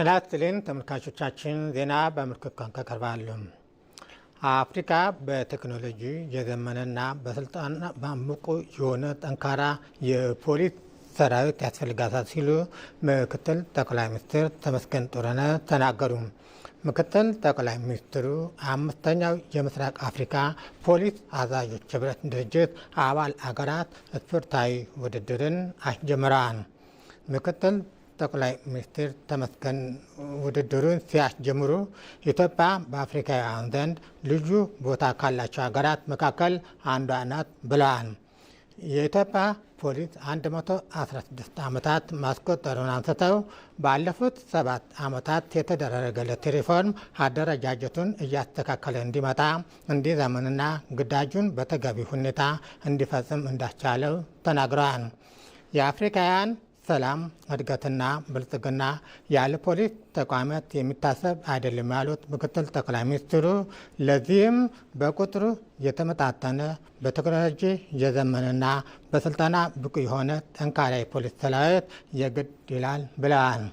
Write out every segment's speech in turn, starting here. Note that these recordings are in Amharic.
ጤና ይስጥልን ተመልካቾቻችን፣ ዜና በምልክት ቋንቋ አፍሪካ በቴክኖሎጂ የዘመነና በስልጣን ብቁ የሆነ ጠንካራ የፖሊስ ሰራዊት ያስፈልጋታል ሲሉ ምክትል ጠቅላይ ሚኒስትር ተመስገን ጥሩነህ ተናገሩ። ምክትል ጠቅላይ ሚኒስትሩ አምስተኛው የምስራቅ አፍሪካ ፖሊስ አዛዦች ህብረት ድርጅት አባል አገራት ስፖርታዊ ውድድርን አስጀምረዋል። ምክትል ጠቅላይ ሚኒስትር ተመስገን ውድድሩን ሲያስጀምሩ ኢትዮጵያ በአፍሪካውያን ዘንድ ልዩ ቦታ ካላቸው ሀገራት መካከል አንዷ ናት ብለዋል። የኢትዮጵያ ፖሊስ 116 ዓመታት ማስቆጠሩን አንስተው ባለፉት ሰባት ዓመታት የተደረገለት ሪፎርም አደረጃጀቱን እያስተካከለ እንዲመጣ እንዲዘምንና ግዳጁን በተገቢ ሁኔታ እንዲፈጽም እንዳስቻለው ተናግረዋል። የአፍሪካውያን ሰላም፣ እድገትና ብልጽግና ያለ ፖሊስ ተቋማት የሚታሰብ አይደለም ያሉት ምክትል ጠቅላይ ሚኒስትሩ ለዚህም በቁጥሩ የተመጣጠነ በቴክኖሎጂ የዘመነና በስልጠና ብቁ የሆነ ጠንካራ የፖሊስ ሰራዊት የግድ ይላል ብለዋል።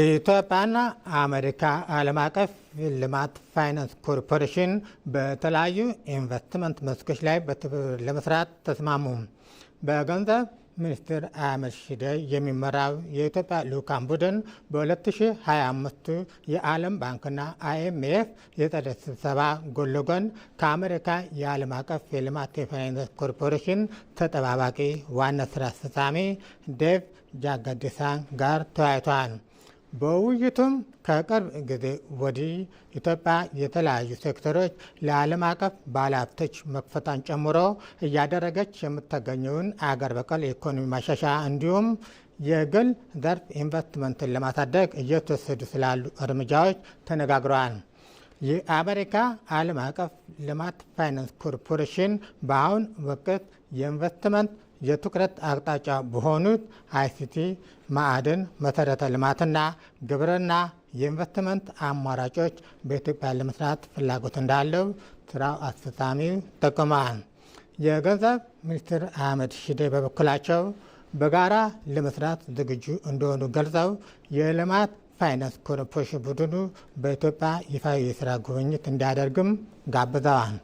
ኢትዮጵያና አሜሪካ ዓለም አቀፍ ልማት ፋይናንስ ኮርፖሬሽን በተለያዩ ኢንቨስትመንት መስኮች ላይ በትብብር ለመስራት ተስማሙ። በገንዘብ ሚኒስትር አህመድ ሺዴ የሚመራው የኢትዮጵያ ልዑካን ቡድን በ2025 የዓለም ባንክና አይኤምኤፍ የጸደ ስብሰባ ጎን ለጎን ከአሜሪካ የዓለም አቀፍ የልማት የፋይናንስ ኮርፖሬሽን ተጠባባቂ ዋና ስራ አስፈጻሚ ዴቭ ጃጋዲሳን ጋር ተወያይቷል። በውይይቱም ከቅርብ ጊዜ ወዲህ ኢትዮጵያ የተለያዩ ሴክተሮች ለዓለም አቀፍ ባለሀብቶች መክፈቷን ጨምሮ እያደረገች የምትገኘውን አገር በቀል የኢኮኖሚ ማሻሻያ እንዲሁም የግል ዘርፍ ኢንቨስትመንትን ለማሳደግ እየተወሰዱ ስላሉ እርምጃዎች ተነጋግረዋል። የአሜሪካ ዓለም አቀፍ ልማት ፋይናንስ ኮርፖሬሽን በአሁን ወቅት የኢንቨስትመንት የትኩረት አቅጣጫ በሆኑት አይሲቲ፣ ማዕድን፣ መሰረተ ልማትና ግብርና የኢንቨስትመንት አማራጮች በኢትዮጵያ ለመስራት ፍላጎት እንዳለው ስራው አስፈጻሚው ጠቁመዋል። የገንዘብ ሚኒስትር አህመድ ሺዴ በበኩላቸው በጋራ ለመስራት ዝግጁ እንደሆኑ ገልጸው የልማት ፋይናንስ ኮርፖሬሽን ቡድኑ በኢትዮጵያ ይፋ የስራ ጉብኝት እንዲያደርግም ጋብዘዋል።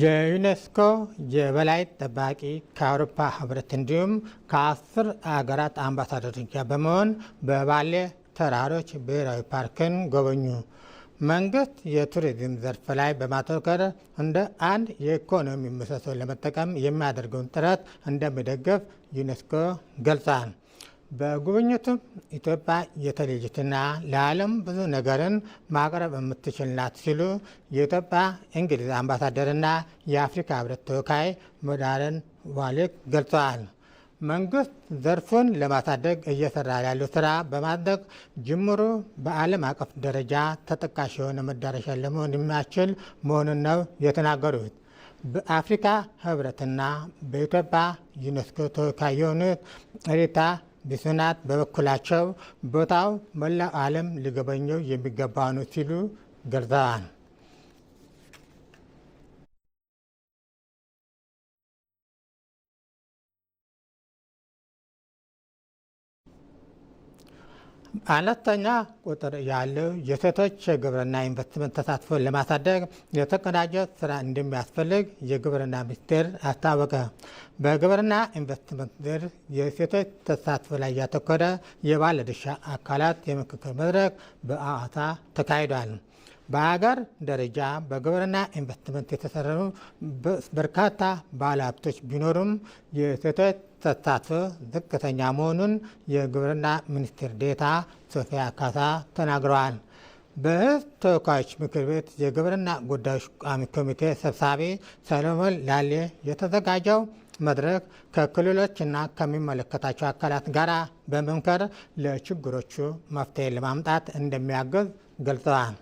የዩኔስኮ የበላይ ጠባቂ ከአውሮፓ ህብረት እንዲሁም ከአስር አገራት አምባሳደሮች ጋር በመሆን በባሌ ተራሮች ብሔራዊ ፓርክን ጎበኙ። መንግስት የቱሪዝም ዘርፍ ላይ በማተኮር እንደ አንድ የኢኮኖሚ ምሰሶ ለመጠቀም የሚያደርገውን ጥረት እንደሚደግፍ ዩኔስኮ ገልጿል። በጉብኝቱም ኢትዮጵያ የተለየችና ለዓለም ብዙ ነገርን ማቅረብ የምትችል ናት ሲሉ የኢትዮጵያ እንግሊዝ አምባሳደርና የአፍሪካ ሕብረት ተወካይ መዳረን ዋሌክ ገልጸዋል። መንግስት ዘርፉን ለማሳደግ እየሰራ ያለው ስራ በማድረግ ጅምሩ በዓለም አቀፍ ደረጃ ተጠቃሽ የሆነ መዳረሻ ለመሆን የሚያስችል መሆኑን ነው የተናገሩት። በአፍሪካ ህብረትና በኢትዮጵያ ዩኔስኮ ተወካይ የሆኑት ሬታ ብስናት በበኩላቸው ቦታው መላው ዓለም ሊጎበኘው የሚገባ ነው ሲሉ ገልጸዋል። አነስተኛ ቁጥር ያለው የሴቶች የግብርና ኢንቨስትመንት ተሳትፎ ለማሳደግ የተቀናጀ ስራ እንደሚያስፈልግ የግብርና ሚኒስቴር አስታወቀ። በግብርና ኢንቨስትመንት ዘር የሴቶች ተሳትፎ ላይ ያተኮረ የባለድርሻ አካላት የምክክር መድረክ በአዋሳ ተካሂዷል። በሀገር ደረጃ በግብርና ኢንቨስትመንት የተሰረሩ በርካታ ባለሀብቶች ቢኖሩም የሴቶች ተሳትፎ ዝቅተኛ መሆኑን የግብርና ሚኒስትር ዴታ ሶፊያ ካሳ ተናግረዋል። በህዝብ ተወካዮች ምክር ቤት የግብርና ጉዳዮች ቋሚ ኮሚቴ ሰብሳቢ ሰለሞን ላሌ የተዘጋጀው መድረክ ከክልሎችና ከሚመለከታቸው አካላት ጋር በመምከር ለችግሮቹ መፍትሄ ለማምጣት እንደሚያግዝ ገልጸዋል።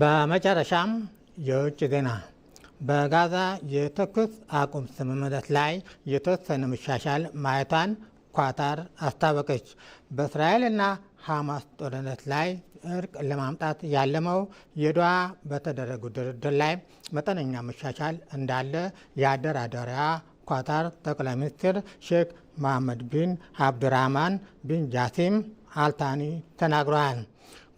በመጨረሻም የውጭ ዜና በጋዛ የተኩስ አቁም ስምምነት ላይ የተወሰነ መሻሻል ማየቷን ኳታር አስታወቀች። በእስራኤልና ሐማስ ጦርነት ላይ እርቅ ለማምጣት ያለመው የዶሃ በተደረጉ ድርድር ላይ መጠነኛ መሻሻል እንዳለ የአደራዳሪዋ ኳታር ጠቅላይ ሚኒስትር ሼክ መሐመድ ቢን አብዱራህማን ቢን ጃሲም አልታኒ ተናግረዋል።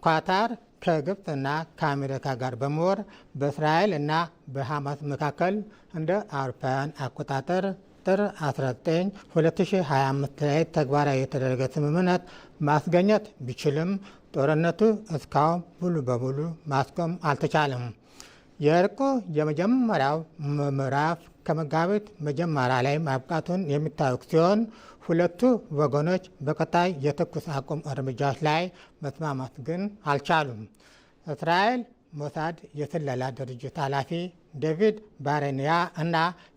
ኳታር ከግብፅና ከአሜሪካ ጋር በመወር በእስራኤል እና በሐማስ መካከል እንደ አውሮፓውያን አቆጣጠር ጥር 19 2025 ላይ ተግባራዊ የተደረገ ስምምነት ማስገኘት ቢችልም ጦርነቱ እስካሁን ሙሉ በሙሉ ማስቆም አልተቻለም። የእርቁ የመጀመሪያው ምዕራፍ ከመጋቢት መጀመሪያ ላይ ማብቃቱን የሚታወቅ ሲሆን ሁለቱ ወገኖች በቀጣይ የተኩስ አቁም እርምጃዎች ላይ መስማማት ግን አልቻሉም። እስራኤል ሞሳድ የስለላ ድርጅት ኃላፊ ዴቪድ ባሬንያ እና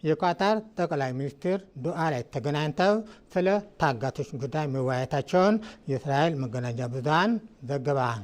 የኳታር ጠቅላይ ሚኒስትር ዱዓ ላይ ተገናኝተው ስለ ታጋቶች ጉዳይ መወያየታቸውን የእስራኤል መገናኛ ብዙሃን ዘግበዋል።